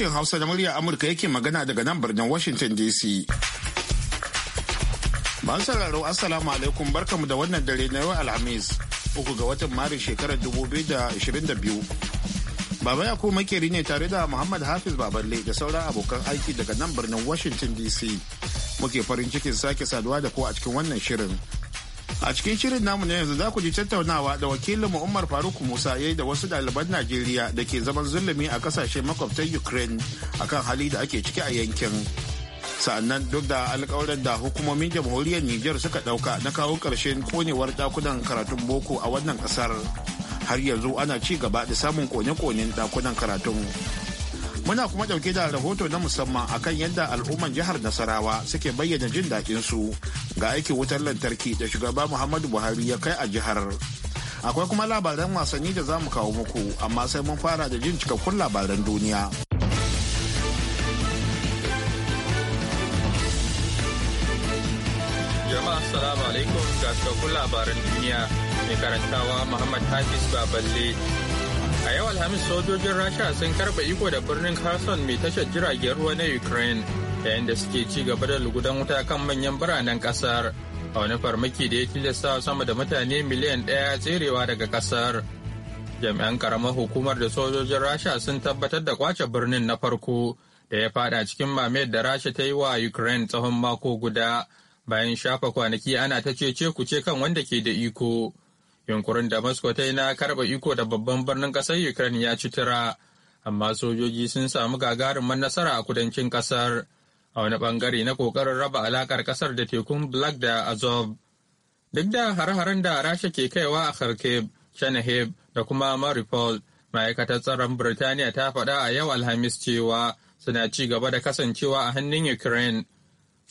sashen Hausa na murya Amurka yake magana daga nan birnin Washington DC. Ban sauraro Assalamu alaikum barkamu da wannan dare na yau Alhamis, uku ga watan Maris shekarar 2022. Baba ya makeri ne tare da Muhammad Hafiz Baballe da sauran abokan aiki daga nan birnin Washington DC. Muke farin cikin sake saduwa da kowa a cikin wannan shirin a cikin shirin namu na yanzu za ku ji tattaunawa da wakilin umar faruk musa ya yi da wasu ɗaliban najeriya da ke zaman zulumi a kasashe makwabtar ukraine akan hali da ake ciki a yankin sa'annan duk da alkawarin da hukumomin jamhuriyar niger suka ɗauka na kawo ƙarshen konewar ɗakunan karatun boko a wannan ƙasar har yanzu ana ci gaba da samun kone-konen ɗakunan karatun Muna kuma ɗauke da rahoto na musamman akan yadda al'umman jihar Nasarawa suke bayyana jin su ga aikin wutar lantarki da shugaba Muhammadu Buhari ya kai a jihar. Akwai kuma labaran wasanni da za mu kawo muku, amma sai mun fara da jin cikakkun labaran duniya. Jama'a Assalamu alaikum ga cikakkun labaran duniya mai karantawa Muhammad Hafiz Baballe a yau alhamis sojojin rasha sun karba iko da birnin kherson mai tashar jiragen ruwa na ukraine yayin da suke ci gaba da lugudan wuta kan manyan biranen kasar a wani farmaki da ya tilasta sama da mutane miliyan ɗaya tserewa daga kasar jami'an karamar hukumar da sojojin rasha sun tabbatar da kwace birnin na farko da ya fada cikin mamayar da rasha ta yi wa ukraine tsawon mako guda bayan shafa kwanaki ana ta cece kuce kan wanda ke da iko Yunkurin da Moscow ta yi na karba iko da babban birnin kasar Ukraine ya ci tura, amma sojoji sun samu gagarumar nasara a kudancin kasar. A wani bangare na kokarin raba alakar kasar da tekun Black da Azov. Duk da har-haren da Rasha ke kaiwa a Kharkiv, Chernihiv da kuma maripol ma'aikatar tsaron Birtaniya ta faɗa a yau Alhamis cewa suna ci gaba da kasancewa a hannun Ukraine.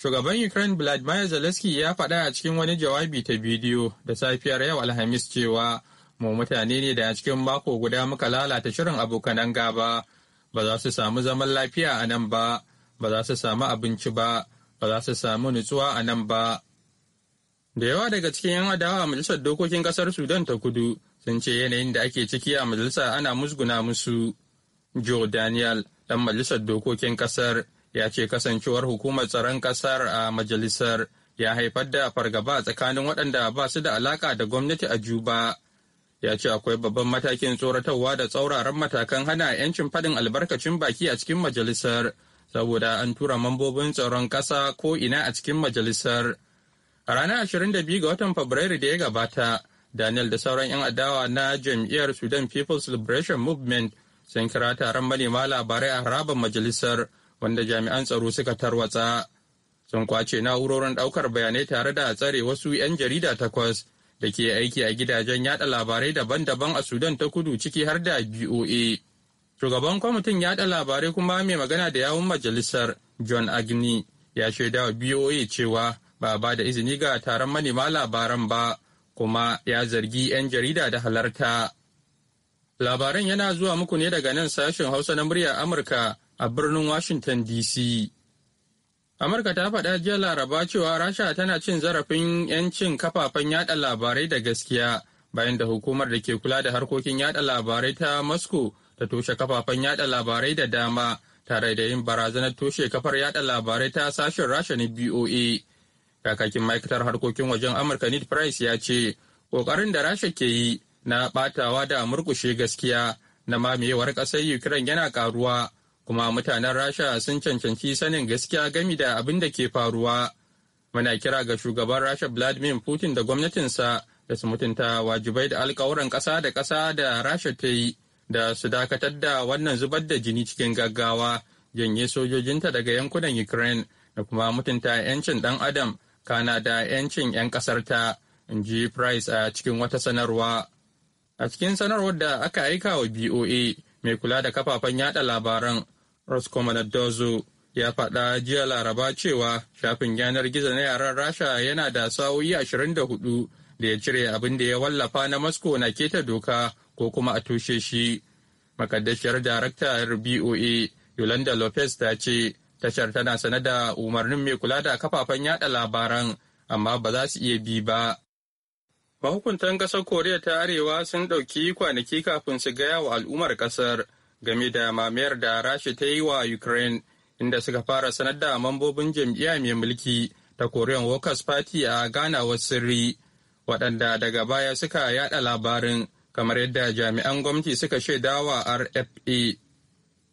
Shugaban Ukraine Vladimir Zelensky ya faɗa a cikin wani jawabi ta bidiyo da safiyar yau Alhamis cewa mu mutane ne da a cikin mako guda muka lalata shirin abokanan gaba ba za su samu zaman lafiya a nan ba ba za su samu abinci ba ba za su samu nutsuwa a nan ba. Da yawa daga cikin 'yan adawa a Majalisar Dokokin Kasar Sudan ta Kudu sun ce yanayin da ake ciki a majalisa ana musguna musu. Joe Daniel, ɗan Majalisar Dokokin Kasar, ya ce kasancewar hukumar tsaron kasar a majalisar ya haifar da fargaba tsakanin waɗanda ba su da alaka da gwamnati a juba ya ce akwai babban matakin tsoratarwa da tsauraran matakan hana 'yancin faɗin albarkacin baki a cikin majalisar saboda an tura mambobin tsaron ƙasa ko ina a cikin majalisar a ranar 22 ga watan fabrairu da ya gabata daniel da sauran 'yan adawa na jam'iyyar sudan people's liberation movement sun kira taron manema labarai a harabar majalisar wanda jami'an tsaro suka tarwatsa sun kwace na'urorin ɗaukar bayanai tare da tsare wasu 'yan jarida takwas da ke aiki a gidajen yada labarai daban-daban a sudan ta kudu ciki har da boa shugaban kwamitin yada labarai kuma mai magana da yawun majalisar john agni ya shaida wa boa cewa ba ba da izini ga taron manema labaran ba kuma ya zargi 'yan jarida da halarta labaran yana zuwa muku ne daga nan sashen hausa na muryar amurka a birnin Washington DC. Amurka ta faɗa jiya Laraba cewa Rasha tana cin zarafin 'yancin kafafen yada labarai da gaskiya bayan da hukumar da ke kula da harkokin yada labarai ta Moscow ta toshe kafafen yada labarai da dama tare da yin barazanar toshe kafar yada labarai ta sashen Rasha na BOA. Kakakin ma'aikatar harkokin wajen Amurka Ned Price ya ce, ƙoƙarin da Rasha ke yi na ɓatawa da murƙushe gaskiya na mamayewar ƙasar Ukraine yana ƙaruwa kuma mutanen rasha sun cancanci sanin gaskiya gami da abin da ke faruwa muna kira ga shugaban rasha vladimir putin da gwamnatinsa da su mutunta wajibai da alkawuran ƙasa da ƙasa da rasha ta yi da su dakatar da wannan zubar da jini cikin gaggawa janye sojojinta daga yankunan ukraine da kuma mutunta 'yancin dan adam kana da 'yancin 'yan kasarta in ji price a cikin wata sanarwa a cikin sanarwar da aka aika wa boa mai kula da kafafen yada labaran Roscommon ya faɗa jiya laraba cewa shafin yanar gizo na yaren rasha yana da sa'o'i 24 da ya cire abin da ya wallafa na moscow na keta doka ko kuma a tushe shi makaddashiyar daraktar boa yolanda lopez ta ce tashar tana sane da umarnin mai kula da kafafen yada labaran amma ba za su iya bi ba mahukuntan ƙasar koriya ta arewa sun ɗauki kwanaki kafin su gaya wa al'ummar kasar. game da mamayar da Rasha ta yi wa Ukraine inda suka fara sanar da mambobin jam'iyya mai mulki ta Korean Workers Party a ganawar sirri waɗanda daga baya suka yada labarin kamar yadda jami'an gwamnati suka shaidawa RFA.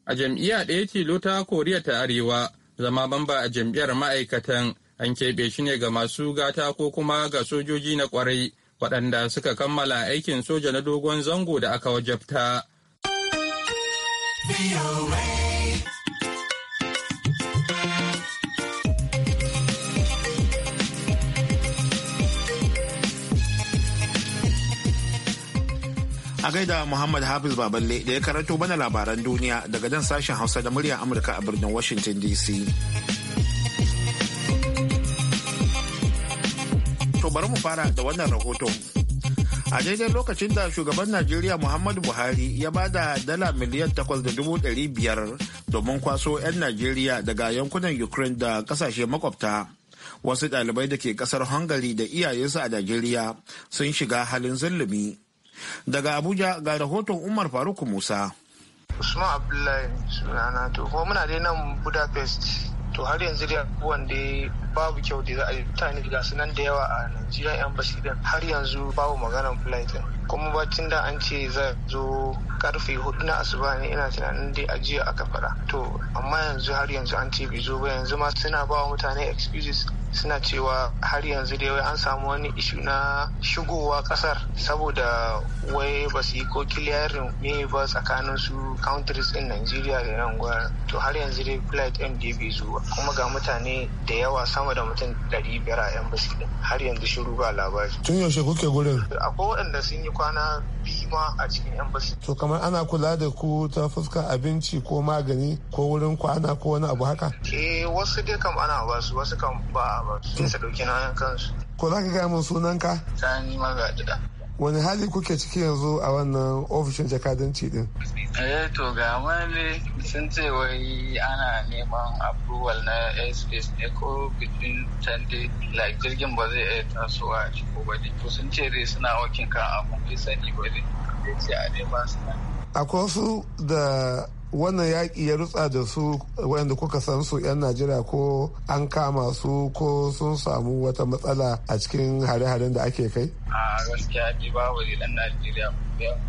A jam'iyya ɗaya tilo ta Koriya ta Arewa zama bamba a jam'iyyar ma'aikatan an keɓe shi ne ga masu gata ko kuma ga sojoji na kwarai waɗanda suka kammala aikin soja na dogon zango da aka wajabta. A gaida Muhammad Hafiz Baballe da ya karanto mana labaran duniya daga nan sashen Hausa da murya Amurka a birnin Washington DC. To bari mu fara da wannan rahoton. a daidai lokacin da shugaban najeriya muhammadu buhari ya ba da dala miliyan takwas da dubu biyar, domin kwaso 'yan najeriya daga yankunan ukraine da kasashe makwabta wasu ɗalibai da ke ƙasar hungary da iyayensu a najeriya sun shiga halin zulumi daga abuja ga rahoton umar faruk musa usman abdullahi sunana to kuma muna dai nan budapest to har yanzu dai abubuwan babu kyau da za a yi mutane ga su nan da yawa a Najeriya yan basi basidan har yanzu babu maganar flight kuma bacin da an ce zai zo karfe hudu na asuba ne ina tunanin dai ajiya aka faɗa to amma yanzu har yanzu an ce bai zo ba yanzu ma suna ba wa mutane excuses suna cewa har yanzu dai wai an samu wani ishu na shigowa kasar saboda wai ba su yi ko kiliyarin me ba tsakanin su countries in Nigeria da nan gwa to har yanzu dai flight MD bai zuwa kuma ga mutane da yawa sama da mutum 500 a yan basi har yanzu shiru ba labari tun yaushe kuke gurin akwai waɗanda sun yi kwana biyu Kuma a cikin embassy. To kamar ana kula da ku ta fuskar abinci ko magani ko wurin kwana ko wani abu haka? Eh wasu dai kam ana ba su wasu kam ba ba su. sa dauki na kansu. Ko za ka gaya min sunanka? Sani Magadida. wani hali kuke ciki yanzu a wannan ofishin jakadanci din eh to ga wani sun ce wai ana neman approval na airspace ne ko between 10 day like jirgin ba zai iya tasowa a ciko ba ne to sun ce dai suna wakin kan abun bai sani ba ne ce a neman suna akwai wasu da wannan yaƙi ya rutsa da su wanda kuka san su 'yan najeriya ko an kama su ko sun samu wata matsala a cikin hare-haren da ake kai? a gaskiya ba babu dan najeriya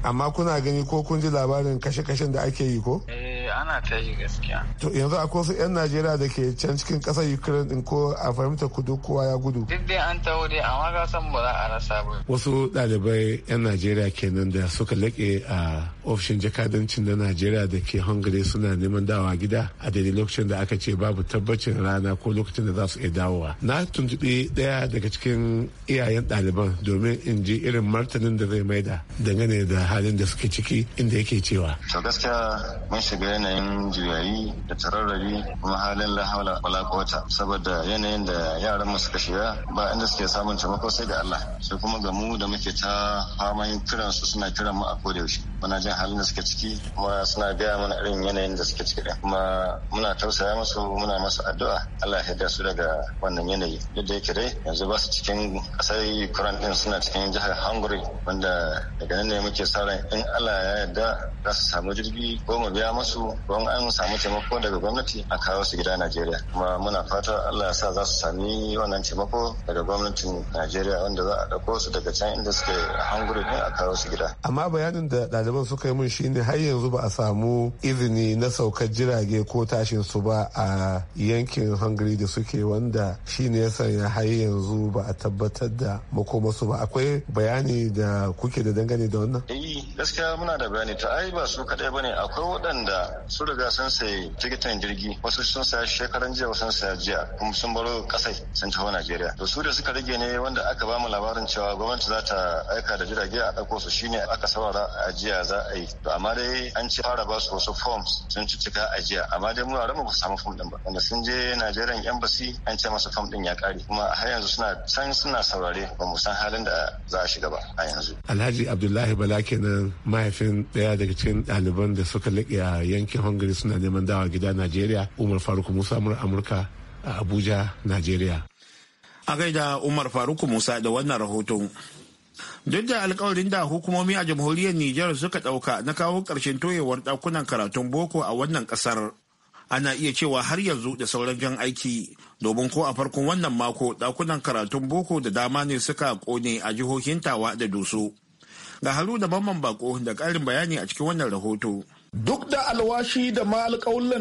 amma kuna gani ko kun ji labarin kashe-kashen da ake yi ko? eh ana ta yi gaskiya to yanzu akwai su 'yan najeriya da ke can cikin ƙasar ukraine din ko a fahimta kudu kowa ya gudu duk dai an taho dai amma ka san ba za a rasa ba wasu ɗalibai 'yan najeriya kenan da suka laƙe a ofishin jakadancin na najeriya da ke hungary suna neman dawa gida a daidai lokacin da aka ce babu tabbacin rana ko lokacin da za su iya dawowa na tuntuɓi ɗaya daga cikin iyayen ɗaliban domin in ji irin martanin da zai maida dangane da halin da suke ciki inda yake cewa to gaskiya mun shiga yanayin juyayi da tararrabi kuma halin lahala wala kota saboda yanayin da yaran mu suka shiga ba inda suke samun taimako sai da Allah sai kuma ga mu da muke ta faman kiran su suna kiran mu a koda yaushe muna jin halin da suke ciki kuma suna gaya mana irin yanayin da suke ciki kuma muna tausaya musu muna masu addu'a Allah ya da su daga wannan yanayi yadda yake dai yanzu ba su cikin kasar Ukraine din suna cikin jihar Hungary wanda daga nan ne muke sa ran in Allah ya yarda za su samu jirgi ko mu biya musu ko an samu taimako daga gwamnati a kawo su gida Najeriya kuma muna fata Allah ya sa za su sami wannan taimako daga gwamnatin Najeriya wanda za a dauko su daga can inda suke Hungary din a kawo su gida amma bayanin da ɗaliban suka yi mun shine har yanzu ba a samu izini na saukar jirage ko tashin su ba a yankin hungary da suke wanda shine ya sanya har yanzu ba a tabbatar da makomasu ba akwai bayani da kuke da dangane da wannan eh gaskiya muna da bayani ta ai ba su kadai bane akwai waɗanda su riga sun sayi tikitin jirgi wasu sun saya shekaran jiya wasu sun saya jiya kuma sun baro kasai sun taho najeriya to su da suka rage ne wanda aka ba mu labarin cewa gwamnati za ta aika da jirage a ɗauko su shine aka saurara a jiya ya za a yi to amma dai an ci fara ba su wasu forms sun ci cika a jiya amma dai murare ba su samu form din ba wanda sun je Najeriyan embassy an ce masa form din ya kare kuma har yanzu suna can suna saurare ba mu san halin da za a shiga ba a yanzu Alhaji Abdullahi Bala kenan mahaifin daya daga cikin ɗaliban da suka laƙe a yankin Hungary suna neman dawa gida Najeriya Umar Faruk Musa Amurka a Abuja Najeriya a gaida Umar Faruk Musa da wannan rahoton duk da alkawarin da hukumomi a jamhuriyar Nijar suka ɗauka na kawo ƙarshen toyewar ɗakunan karatun boko a wannan ƙasar ana iya cewa har yanzu da sauran jan aiki domin ko a farkon wannan mako ɗakunan karatun boko da dama ne suka ƙone a jihohin tawa da doso ga haru da mamman bako da ƙarin bayani a cikin wannan rahoto duk da alwashi da ma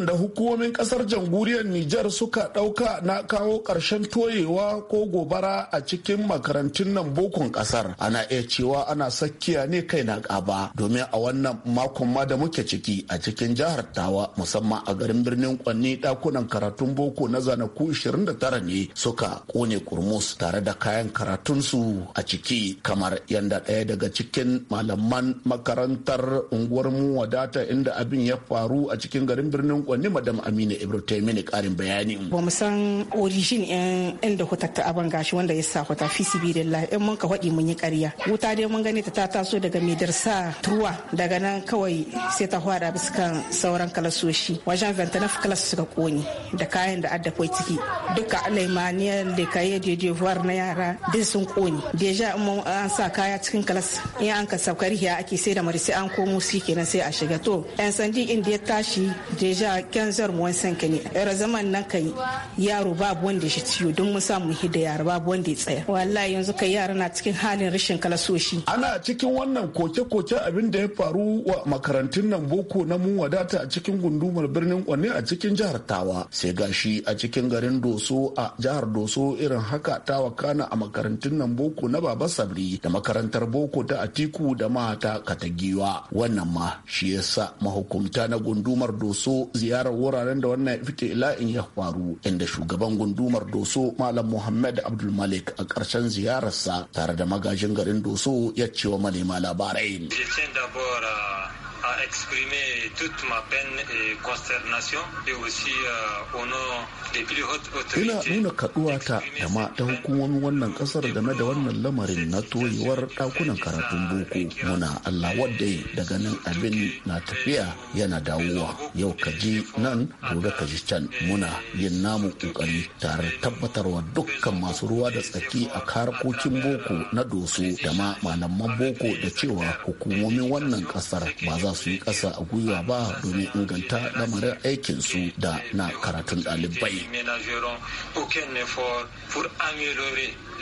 da hukumomin ƙasar jamhuriyar Nijar suka ɗauka na kawo ƙarshen toyewa ko gobara a cikin makarantun nan bokon ƙasar ana iya cewa ana sakkiya ne kai na ƙaba domin a wannan makon ma da muke ciki a cikin jihar Tawa musamman a garin birnin Kwanni ɗakunan karatun boko na zanaku 29 ne suka ƙone kurmus tare da kayan karatunsu a ciki kamar yanda ɗaya daga cikin malaman makarantar unguwar mu wadata inda abin ya faru a cikin garin birnin Kwanni madam Amina Ibro ta mini karin bayani. Ba mu san origin ɗin inda hutar ta aban gashi wanda ya sa hutar fi sibilillah in mun ka faɗi mun yi ƙarya. Wuta dai mun gani ta ta taso daga medarsa tuwa daga nan kawai sai ta hwada biskan sauran kalasoshi wajen na kalas suka kone da kayan da addakwai ciki duka alaimaniyar da kaye dejevuwar na yara duk sun kone deja in an sa kaya cikin kalas in an ka saukar ya ake sai da marisi an komo su kenan sai a shiga to yan sandi inda ya tashi deja kyanzar mu wansan ka ne yara zaman nan kan yaro babu wanda shi ciwo don mu samu hida yara babu wanda ya tsaya wallahi yanzu kai yara na cikin halin rashin kalasoshi ana cikin wannan koke-koke abin da ya faru wa makarantun nan boko na mun wadata a cikin gundumar birnin kwanne a cikin jihar tawa sai gashi a cikin garin doso a jihar doso irin haka tawa kana a makarantun nan boko na baba sabri da makarantar boko ta atiku da mata katagiwa wannan ma shi yasa mahukumta na gundumar doso ziyarar wuraren da wannan ila fita in ya faru inda shugaban gundumar doso malam muhammad abdulmalik a ƙarshen ziyararsa tare da magajin garin doso ya ce wa manema labarai exprimer toute ma peine et consternation et aussi euh, au nom des plus hautes autorités. Ina nuna ta da ma ta hukumomin wannan kasar game da wannan lamarin na toyewar dakunan karatun boko muna Allah wadda da ganin abin na tafiya yana dawowa yau ka ji nan gobe ka ji can muna yin namu kokari tare tabbatarwa dukkan masu ruwa da tsaki a harkokin boko na doso da ma malaman boko da cewa hukumomin wannan kasar ba za su su ƙasa a gwiwa ba domin inganta lamarin aikin su da na karatun ɗalibai.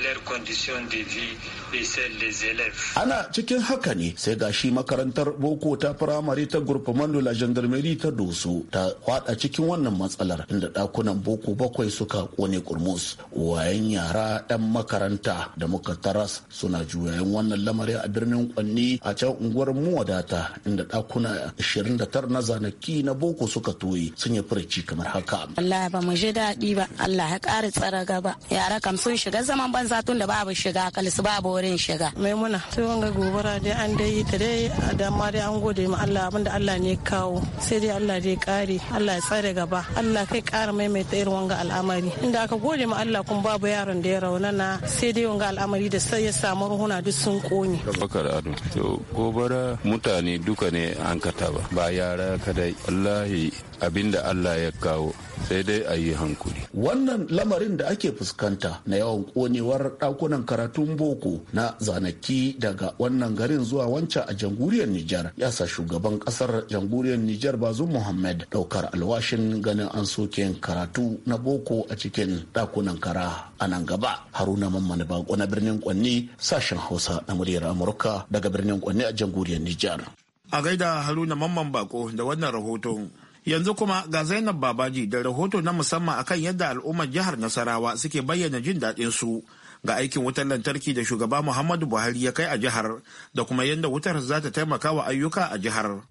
leur condition de vie et celle des élèves. Ana cikin haka ne sai ga makarantar boko ta firamare ta gurfamando la gendarmerie ta doso ta hwada cikin wannan matsalar inda dakunan boko bakwai suka kone kurmus wayan yara ɗan makaranta da muka taras suna juyayen wannan lamari a birnin kwanni a can unguwar muwadata inda dakuna 29 na zanaki na boko suka toye sun yi furici kamar haka. Allah ba mu ji daɗi ba Allah ya ƙara tsara gaba yara kam sun shiga zaman ba banza tun da babu shiga kalisu babu wurin shiga maimuna sai wanga gobara dai an dai yi ta dai a ma dai an gode ma Allah abinda Allah ne kawo sai dai Allah dai kare Allah ya tsare gaba Allah kai kara maimaita irin wanga al'amari inda aka gode ma Allah kun babu yaron da ya raunana sai dai wanga al'amari da sai ya samu ruhuna duk sun kone bakar ado to gobara mutane duka ne an kata ba ba yara kadai wallahi abin da Allah ya kawo sai dai a yi hankuli. Wannan lamarin da ake fuskanta na yawan konewar ɗakunan karatun boko na zanaki daga wannan garin zuwa wancan a jamhuriyar Nijar ya sa shugaban ƙasar jamhuriyar Nijar bazu Muhammad ɗaukar alwashin ganin an soke karatu na boko a cikin ɗakunan kara a nan gaba. Haruna Mamman Bako na birnin Kwanni sashen Hausa na muryar Amurka daga birnin Kwanni a jamhuriyar Nijar. A gaida Haruna Mamman Bako da wannan rahoton. Yanzu kuma ga Zainab Babaji da rahoto na musamman akan yadda al'ummar jihar Nasarawa suke bayyana jin daɗin su ga aikin wutar lantarki da shugaba Muhammadu Buhari ya kai a jihar da kuma yadda wutar za ta taimaka wa ayyuka a jihar.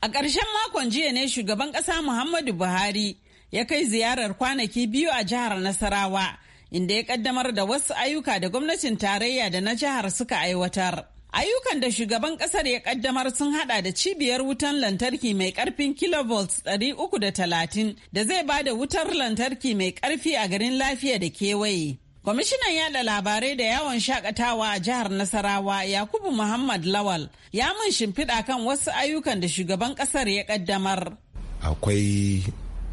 A ƙarshen makon jiya ne shugaban ƙasa Muhammadu Buhari ya kai ziyarar kwanaki biyu a jihar Nasarawa inda ya ƙaddamar da wasu ayyuka da gwamnatin tarayya da na jihar suka aiwatar. Ayyukan da shugaban kasar ya kaddamar sun hada da cibiyar wutan lantarki mai karfin kilovolts 330 da zai ba da wutar lantarki mai karfi a garin lafiya da kewaye. Kwamishinan yada labarai da yawon shakatawa a jihar Nasarawa Yakubu Muhammad Lawal ya mun shimfiɗa kan wasu ayyukan da shugaban kasar ya kaddamar. Akwai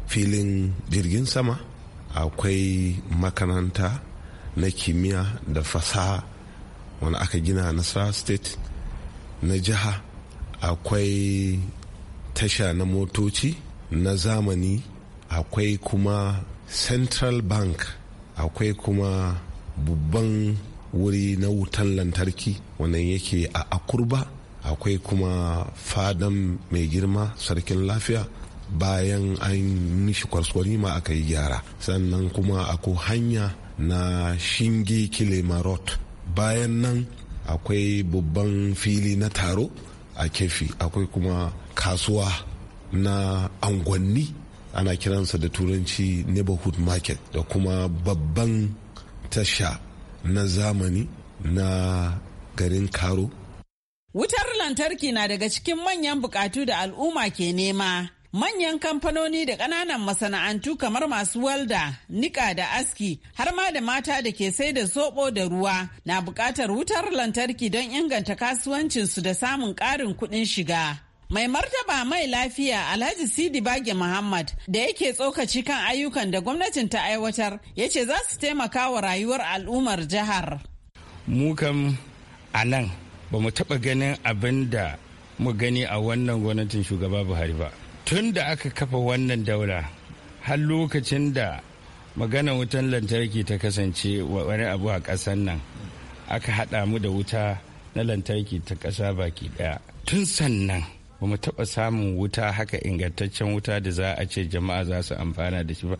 filin jirgin sama, akwai makaranta na kimiyya da fasaha. wani aka gina nasara state na jiha akwai tasha na motoci na zamani akwai kuma central bank akwai kuma babban wuri na wutan lantarki wannan yake a akurba akwai kuma fadan mai girma sarkin lafiya bayan an mishi kwarskwari ma aka yi gyara sannan kuma akwai hanya na shinge kilema bayan nan akwai babban fili na taro a kefi akwai kuma kasuwa na angwanni ana kiransa da turanci neighborhood market da kuma babban tasha na zamani na garin karo Wutar lantarki na daga cikin manyan bukatu da al'umma ke nema Manyan kamfanoni da ƙananan masana'antu kamar masu walda, niƙa da aski, har ma da mata da ke sai da zoɓo da ruwa na buƙatar wutar lantarki don inganta kasuwancinsu da samun ƙarin kuɗin shiga. Mai martaba mai lafiya Alhaji Sidi Bage Muhammad da yake tsokaci kan ayyukan da gwamnatin ta aiwatar ya ce za su taimaka wa rayuwar al'ummar jihar. Mukan a nan ba mu taɓa ganin abin da mu gani a wannan gwamnatin shugaba Buhari ba. tun da aka kafa wannan daura har lokacin da magana wutan lantarki ta kasance wani abu a ƙasar nan aka haɗa mu da wuta na lantarki ta ƙasa baki ɗaya tun sannan ba mu taɓa samun wuta haka ingantaccen wuta da za a ce jama'a za su amfana da shi ba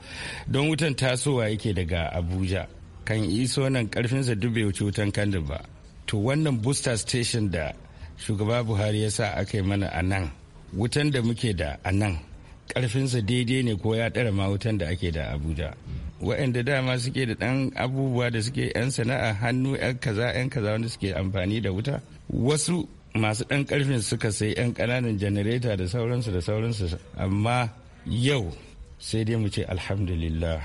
don wutan tasowa yake daga abuja kan iso nan ƙarfinsa duk bai wuce wutan kandu ba to wannan booster station da shugaba buhari ya sa aka yi mana a nan wutan da muke da a nan ƙarfinsa daidai ne ko ya ɗara ma wutan da ake da abuja waɗanda dama suke da ɗan abubuwa da suke 'yan sana'a hannu 'yan kaza 'yan kaza wanda suke amfani da wuta wasu masu ɗan ƙarfin suka sai 'yan ƙananan janareta da sauransu da sauransu amma yau sai dai mu ce alhamdulillah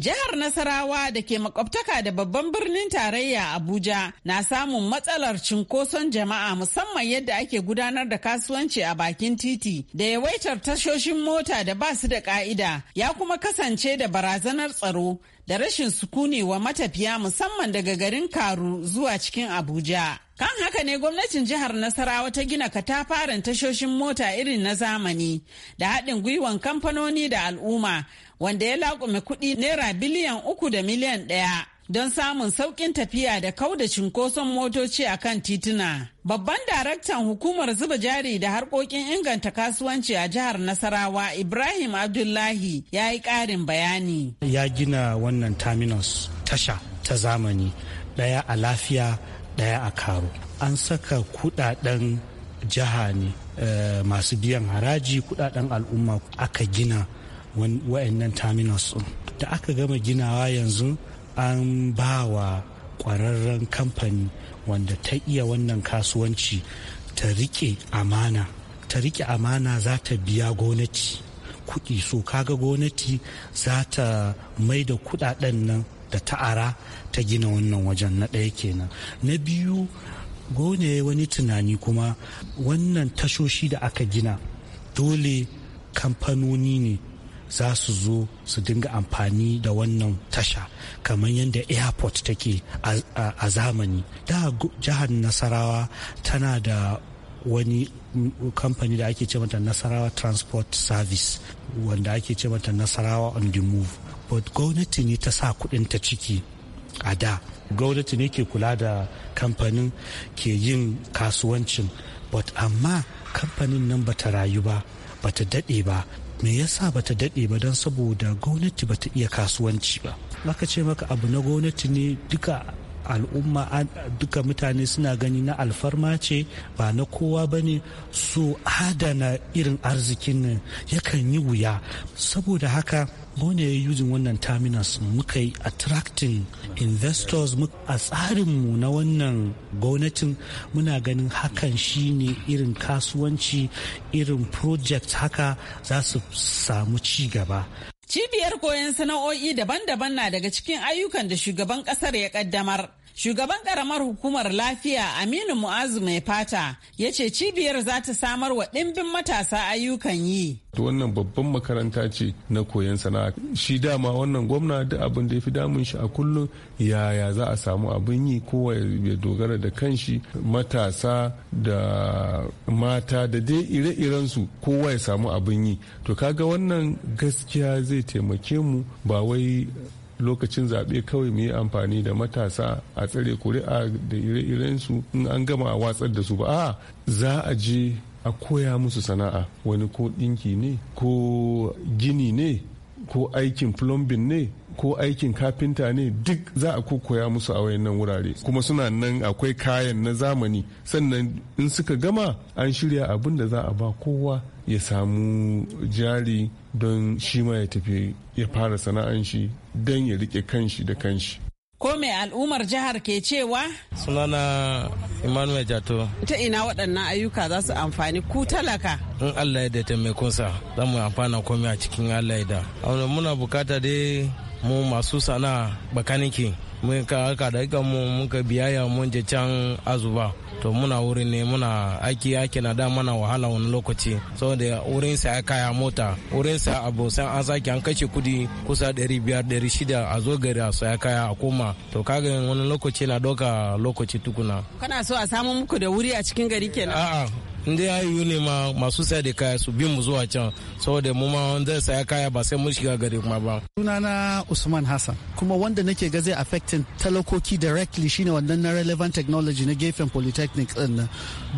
Jihar Nasarawa da ke makwabtaka da babban birnin tarayya Abuja na samun matsalar cinkoson jama'a musamman yadda ake gudanar da kasuwanci a bakin titi da yawaitar tashoshin mota da ba su da ka'ida ya kuma kasance da barazanar tsaro da rashin sukuni wa matafiya musamman daga garin Karu zuwa cikin Abuja. Kan haka ne gwamnatin jihar Nasarawa ta gina katafaren tashoshin mota irin na zamani da haɗin gwiwan kamfanoni da al'umma wanda ya laƙume kuɗi naira biliyan uku da miliyan ɗaya don samun sauƙin tafiya da kau da cunkoson motoci a kan tituna. Babban daraktan hukumar zuba jari da harkokin inganta kasuwanci a jihar Nasarawa Ibrahim Abdullahi ya yi ƙarin bayani. Ya gina wannan terminus tasha ta zamani ɗaya a lafiya ɗaya a karo. An saka kuɗaɗen jiha ne eh, masu biyan haraji kuɗaɗen al'umma aka gina wa'annan terminals da aka gama ginawa yanzu an ba wa kwararren kamfani wanda ta iya wannan kasuwanci ta rike amana ta rike amana za ta biya gwamnati kuɗi so kaga gwamnati za ta mai da kuɗaɗen nan da ta ara ta gina wannan wajen na ɗaya kenan na biyu gone wani tunani kuma wannan tashoshi da aka gina dole kamfanoni ne za su zo su dinga amfani da wannan tasha kamar yadda airport take a zamani da jihar nasarawa tana da wani kamfani da ake ce mata nasarawa transport service wanda ake ce mata nasarawa on the move but gwamnati ne ta sa kudin ta ciki a da gwamnati ne ke kula da kamfanin ke yin kasuwancin but amma kamfanin nan bata rayu ba bata daɗe ba me yasa bata daɗe ba don saboda gwamnati bata iya kasuwanci ba aka ce maka abu na gwamnati ne duka al'umma duka mutane suna gani na alfarma ce ba na kowa ba ne su adana irin arzikin nan yakan yi wuya saboda haka mu ne yuzin wannan terminus muka yi attracting investors a tsarinmu na wannan gwamnatin muna ganin hakan shi ne irin kasuwanci irin project haka za su samu ci gaba Cibiyar koyon sana'o'i daban-daban na daga cikin ayyukan da shugaban kasar ya kaddamar. Shugaban karamar hukumar lafiya Aminu Mu'azu mai fata ya ce cibiyar za ta samar wa ɗimbin matasa ayyukan yi. wannan babban makaranta ce na koyon sana'a shi dama wannan gwamna da abin da ya fi damun shi a kullum yaya za a samu abin yi kowa ya dogara da kanshi matasa da mata da dai ire su kowa ya samu abin yi to kaga wannan gaskiya zai taimake mu ba wai lokacin zaɓe kawai mu yi amfani da matasa a tsare kuri'a da ire-irensu in an gama a watsar da su ba a za a je a koya musu sana'a wani ko ɗinki ne ko gini ne ko aikin plumbing ne ko aikin kafinta ne duk za a koya musu a wayannan wurare kuma suna nan akwai kayan na zamani sannan in suka gama an shirya abin da za a ba kowa ya samu jari don shi ma ya tafi ya fara sana'an shi don ya rike kanshi da kanshi ko mai al'ummar jihar ke cewa? sunana emmanuel jato ta ina waɗannan ayyuka za su amfani ku talaka in allah ya da taimakonsa za mu amfana komai a cikin allah ya da muna bukata dai mu masu sana bakaniki mun ka aka da mu mun ka biyayya mun je can azuba to muna wurin ne muna aiki aiki na da mana wahala wani lokaci saboda wurin sa kaya mota wurin sa abu sai an sake an kashe kudi kusa 500-600 a zo gari a saya kaya a koma to kaga wani lokaci na doka lokaci tukuna kana so a samu muku da wuri a cikin gari kenan a'a in ya ne ma masu saya da kaya su bin mu zuwa can saboda mu ma wanda saya kaya ba sai mun shiga gari kuma ba sunana usman hassan kuma wanda nake ga zai affecting talakoki directly shine wannan na relevant technology na gefen polytechnic din nan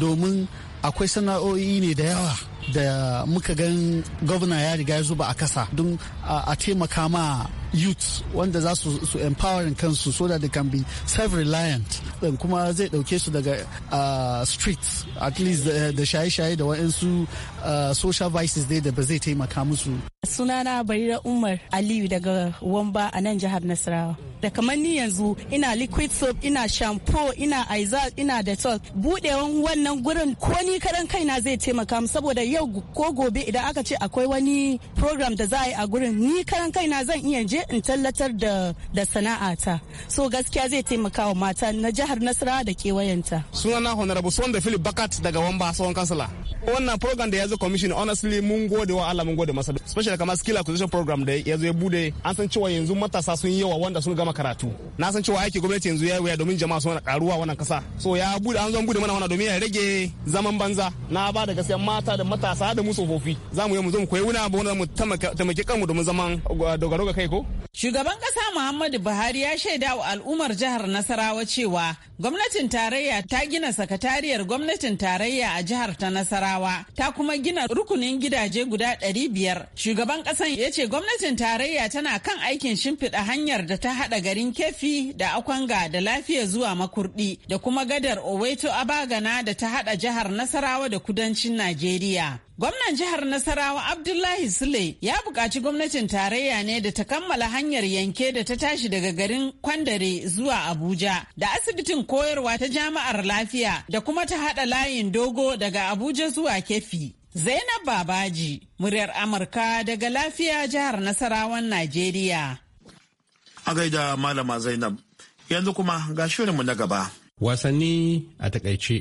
domin akwai sana'o'i ne da yawa da muka gan gwamna ya riga ya zuba a kasa don a taimaka ma youth wanda za su su empowering kansu so that they can be self reliant din kuma zai dauke su daga uh, streets at least uh, da shaye-shaye da wa'ansu uh, social vices dai da ba zai taimaka musu Sunana Barira Umar Aliyu daga Wamba a nan jihar Nasarawa. Da kamar ni yanzu ina liquid soap, ina shampoo, ina aizal, ina detol. Budewan wannan gurin ko ni karan kaina zai taimaka mu saboda yau ko gobe idan aka ce akwai wani program da za a yi a gurin ni karan kaina zan iya je in tallatar da da sana'ata. So gaskiya zai taimaka wa mata na jihar Nasarawa da kewayenta. Sunana Honorable Sonda Philip Bakat daga Wamba Sawon Kansala. Wannan program da ya zo commission honestly mun gode wa Allah mun gode masa. da kamar skill acquisition program da ya zo ya bude an san cewa yanzu matasa sun yawa wanda sun gama karatu na san cewa aiki gwamnati yanzu ya wuya domin jama'a suna karuwa wannan kasa so ya bude an zo bude mana wannan domin ya rage zaman banza na ba da gaskiya mata da matasa da musu tsofaffi za mu yi mu zo mu koyi wani abu wanda mu taimake kanmu domin zaman dogaro ga kai ko shugaban kasa muhammadu buhari ya shaida wa al'ummar jihar nasarawa cewa gwamnatin tarayya ta gina sakatariyar gwamnatin tarayya a jihar ta nasarawa ta kuma gina rukunin gidaje guda 500 Shugaban kasan ya ce gwamnatin tarayya tana kan aikin shimfiɗa hanyar da ta haɗa garin Kefi da Akwanga da lafiya zuwa makurɗi da kuma gadar owaito Abagana da ta haɗa jihar Nasarawa da kudancin Najeriya. Gwamnan jihar Nasarawa Abdullahi Sule ya buƙaci gwamnatin tarayya ne da ta kammala hanyar yanke da ta tashi daga garin Kwandare zuwa Abuja da asibitin koyarwa ta jami'ar lafiya da kuma ta haɗa layin dogo daga Abuja zuwa Kefi. Zainab Babaji, muryar Amurka daga lafiya jihar Nasarawan Najeriya. A gaida Malama Zainab, yanzu kuma ga shirinmu na gaba. Wasanni a takaice.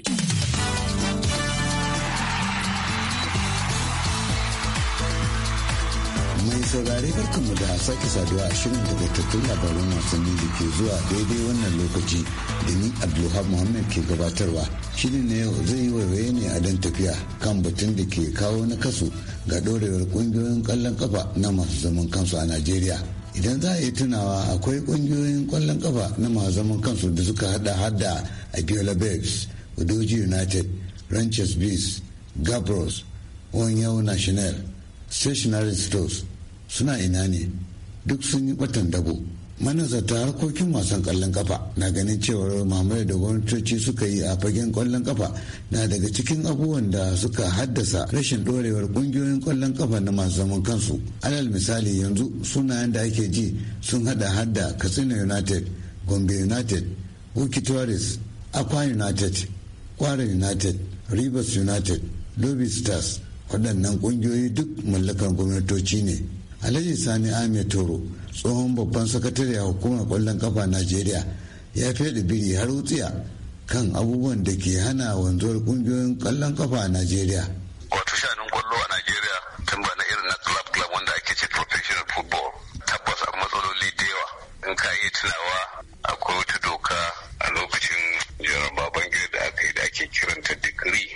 saurare barkanmu da sake saduwa a shirin da tattattun labaran wasanni da ke zuwa daidai wannan lokaci da ni abdulhab muhammad ke gabatarwa shirin na yau zai yi waiwaye ne a dan tafiya kan batun da ke kawo na kasu ga dorewar kungiyoyin kallon kafa na masu zaman kansu a najeriya idan za a yi tunawa akwai kungiyoyin kwallon kafa na masu zaman kansu da suka hada hada biola babes udoji united ranches bees gabros onyo national stationary stores suna ina ne duk sun yi watan dabo manazarta harkokin wasan kwallon kafa na ganin cewar mamaye da gwamnatoci suka yi a fagen kwallon kafa na daga cikin abubuwan da suka haddasa rashin dorewar kungiyoyin kwallon kafa na masu zaman kansu alal misali yanzu sunayen da ake ji sun hada hadda katsina united gombe united wuki torres akwa united kwara united rivers united lobby stars waɗannan kungiyoyi duk mallakar gwamnatoci ne alhaji sani ahmed toro tsohon babban sakatare a hukumar kwallon kafa najeriya ya fede biri har wutsiya kan abubuwan da ke hana wanzuwar kungiyoyin kwallon kafa a najeriya wato shanin kwallo a najeriya tun ba na irin na club club wanda ake ce professional football tabbas a matsaloli da yawa in ka yi tunawa akwai wata doka a lokacin jiran baban da aka yi da ake kiranta digiri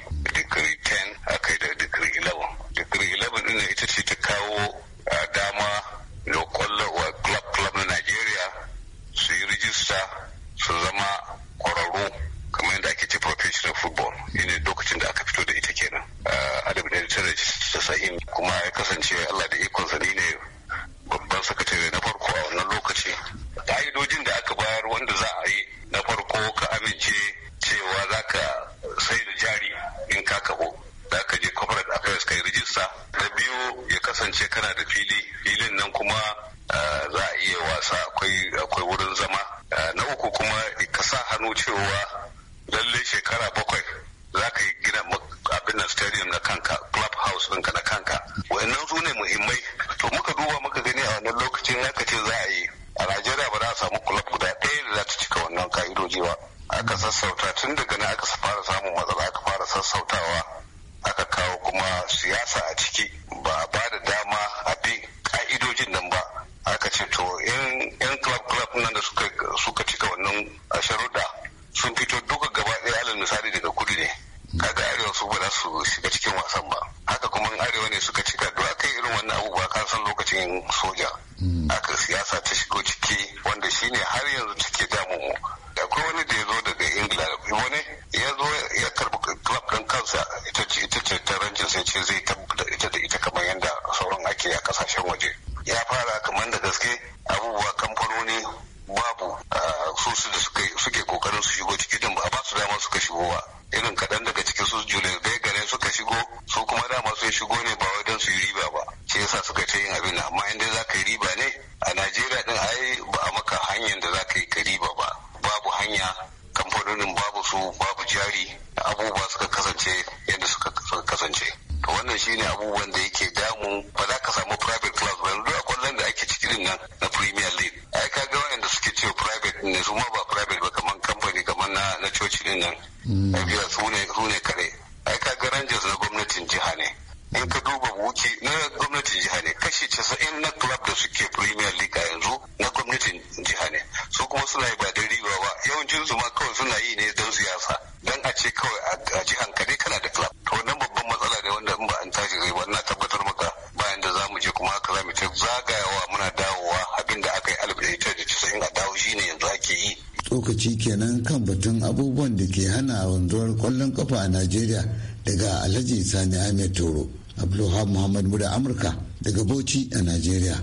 a sharuɗa sun fito duka din nan. Najeriya hmm. su ne su ne kare. Sani Ahmed Toro, Abdulhab Muhammad Muda Amurka daga Bauchi a nigeria.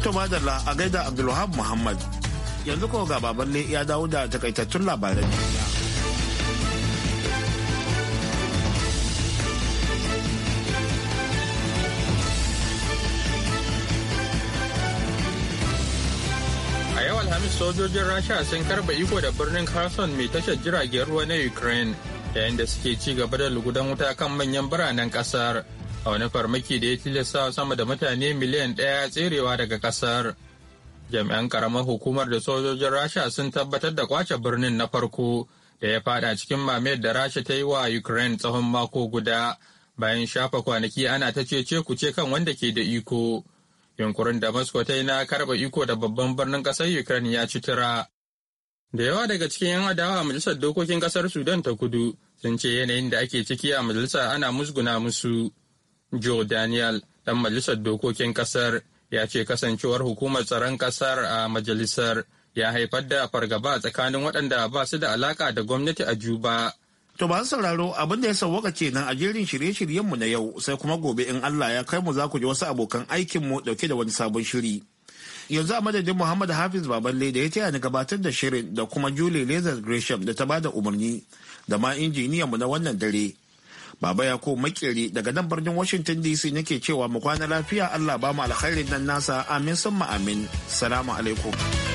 To madalla a gaida Abdulwahab Muhammad yanzu kuma ga baballe ya dawo da takaitattun labaran duniya. alhamis sojojin rasha sun karba iko da birnin kherson mai tashar jiragen ruwa na ukraine yayin da suke ci gaba da lugudan wuta kan manyan biranen kasar a wani farmaki da ya tilasta sama da mutane miliyan ɗaya tserewa daga kasar jami'an karamar hukumar da sojojin rasha sun tabbatar da kwace birnin na farko da ya fada cikin mamayar da rasha ta yi wa ukraine tsawon mako guda bayan shafa kwanaki ana ta cece kuce kan wanda ke da iko Yunkurin da Moscow ta yi na karɓa iko da babban birnin ƙasar Ukraine ya ci tura. Da yawa daga cikin 'yan adawa a Majalisar Dokokin Ƙasar Sudan ta Kudu sun ce yanayin da ake ciki a majalisa ana musguna musu. Joe Daniel, ɗan Majalisar Dokokin Ƙasar, ya ce kasancewar hukumar tsaron ƙasar a majalisar ya haifar da fargaba tsakanin waɗanda ba su da alaƙa da gwamnati a Juba. To ba sauraro abin da ya sauwaka kenan a jerin shirye-shiryenmu na yau sai kuma gobe in Allah ya kai mu za ku ji wasu abokan aikinmu dauke da wani sabon shiri. Yanzu a madadin Muhammad Hafiz Baballe da ya taya ni gabatar da shirin da kuma Julie Lazar Gresham da ta bada umarni da ma mu na wannan dare. Baba ya ko daga nan birnin Washington DC nake cewa mu kwana lafiya Allah ba mu alkhairin nan nasa amin summa amin. Salamu alaikum.